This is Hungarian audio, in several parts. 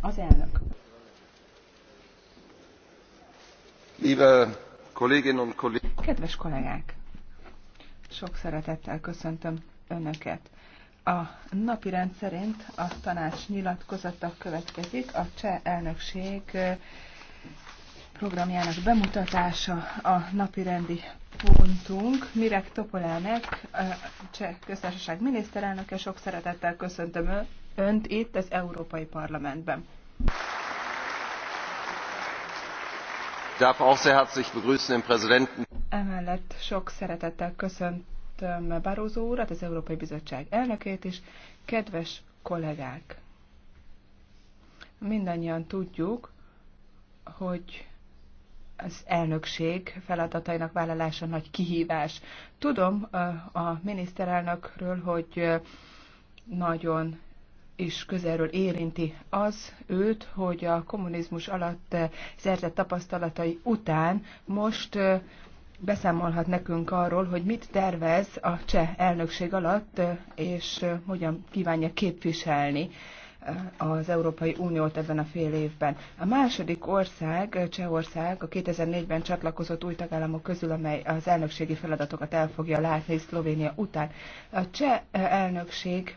Az elnök. Kedves kollégák! Sok szeretettel köszöntöm Önöket. A napi rend szerint a tanács nyilatkozata következik. A cseh elnökség programjának bemutatása a napirendi pontunk. Mirek Topolánek, Cseh köztársaság miniszterelnöke, sok szeretettel köszöntöm Önt itt az Európai Parlamentben. Darf auch sehr herzlich begrüßen den Präsidenten. Emellett sok szeretettel köszöntöm Barózó urat, az Európai Bizottság elnökét is. Kedves kollégák! Mindannyian tudjuk, hogy az elnökség feladatainak vállalása nagy kihívás. Tudom a miniszterelnökről, hogy nagyon is közelről érinti az őt, hogy a kommunizmus alatt szerzett tapasztalatai után most beszámolhat nekünk arról, hogy mit tervez a cseh elnökség alatt, és hogyan kívánja képviselni az Európai Uniót ebben a fél évben. A második ország, Csehország, a 2004-ben csatlakozott új tagállamok közül, amely az elnökségi feladatokat el fogja látni Szlovénia után. A cseh elnökség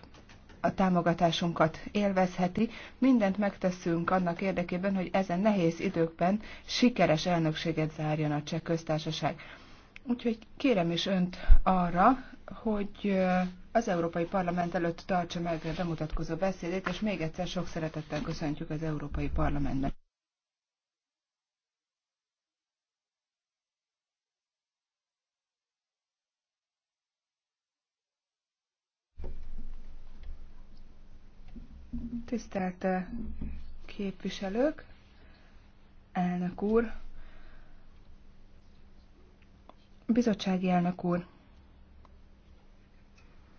a támogatásunkat élvezheti. Mindent megteszünk annak érdekében, hogy ezen nehéz időkben sikeres elnökséget zárjon a cseh köztársaság. Úgyhogy kérem is önt arra, hogy az Európai Parlament előtt tartsa meg a bemutatkozó beszédét, és még egyszer sok szeretettel köszöntjük az Európai Parlamentben. Tisztelt képviselők, elnök úr, Bizottsági elnök úr,